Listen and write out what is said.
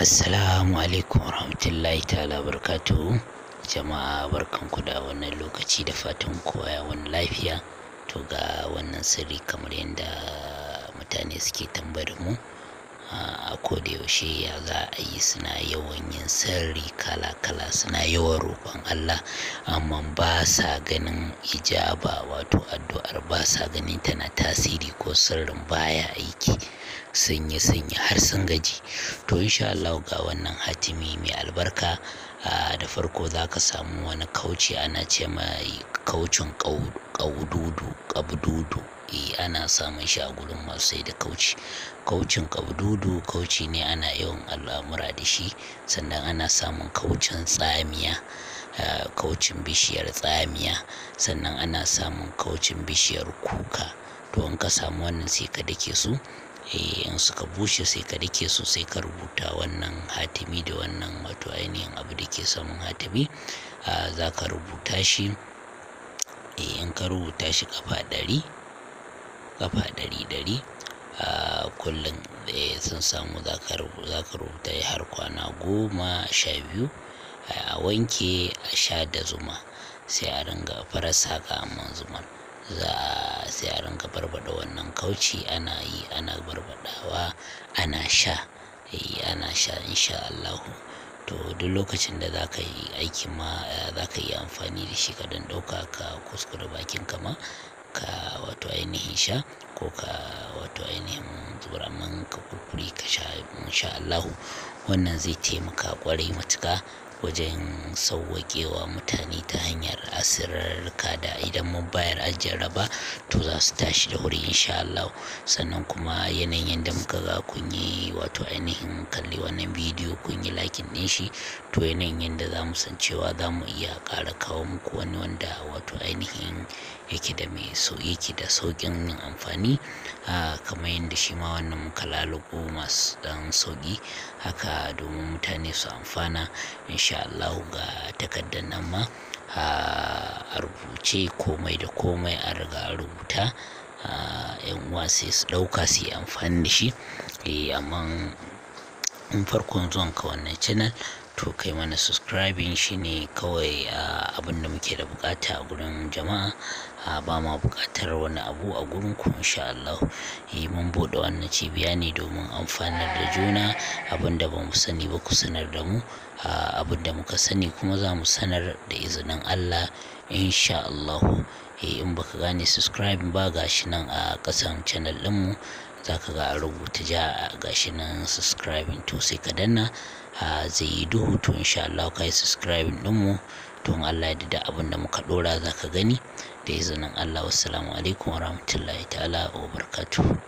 Assalamu alaikum warahmatullahi ta'ala barkatu jama'a barkanku da wannan lokaci da fatan kowa ya wani lafiya to ga wannan sirri kamar yadda mutane suke tambayar mu a yaushe ya za a yi suna yawan yin sarri kala-kala suna yawan roƙon Allah amma ba sa ganin ijaba wato addu'ar ba sa ganin tana tasiri ko sirrin baya aiki sun yi sun yi har sun gaji to insha Allah ga wannan hatimi mai albarka da farko za ka samu wani kauci ana ce mai kaucin ƙaududu ƙabdudu eh, ana samun shi a gurin masu sai da kauci kaucin ƙabdudu kauci ne ana yawan al'amura da shi sannan ana samun kaucin tsamiya kaucin bishiyar tsamiya sannan ana samun kaucin bishiyar kuka to in ka samu wannan sai ka dake su Eh, in suka bushe sai ka rike su sai ka rubuta wannan hatimi da wannan wato ainihin abu da ke samun hatimi za ka rubuta shi eh, in ka rubuta shi kafa ɗari kafa ɗari ɗari kullum eh, sun samu za ka rubuta har kwana goma sha biyu a wanke a sha da zuma sai a ringa farar saka amman zuman za sai a rinka barbada wannan kauci ana yi ana barbadawa ana sha eh, ana sha insha Allahu to duk lokacin da za ka yi aiki ma eh, za ka yi amfani da shi ka dan ɗauka ka kuskure bakin ma ka wato ainihin sha ko ka wato ainihin zubar amman ka kurkuri ka sha insha Allahu wannan zai taimaka kwarai matuka wajen sauwaƙewa mutane ta hanyar asirarka da idan mun bayar a jarraba to za su tashi da wuri insha Allah sannan kuma yanayin yadda muka ga kun yi wato ainihin kalli wannan bidiyo kun yi lakin ɗin shi to yanayin yadda za mu san cewa za mu iya ƙara kawo muku wani wanda wato ainihin yake da mai so yake da sauƙin yin amfani kamar yadda shi ma wannan muka lalubo masu dan sauƙi haka domin mutane su amfana insha Allah ga takardar nan ma a rubuce komai da komai a riga a rubuta yan uwa sai su ɗauka su yi amfani da shi eh, amma in farkon zuwan ka wannan channel to kai mana subscribing shine kawai ah, abin da muke da bukata a gurin jama'a ah, ba ma bukatar wani abu a gurin ku insha Allah yi eh, mun bude wannan cibiya ne domin amfanar da juna abin da bamu sani ba ku sanar da mu ah, abin da muka sani kuma za mu sanar da izinin Allah insha Allah eh, in baka gane subscribing ba gashi nan a kasan channel ɗinmu za ka ga an rubuta ja gashi nan subscribing to sai ka danna a zai yi duhu to insha Allah ka yi subscribing ɗinmu to in Allah ya da abin da muka ɗora za ka gani da izinin Allah wassalamu alaikum warahmatullahi ta'ala wa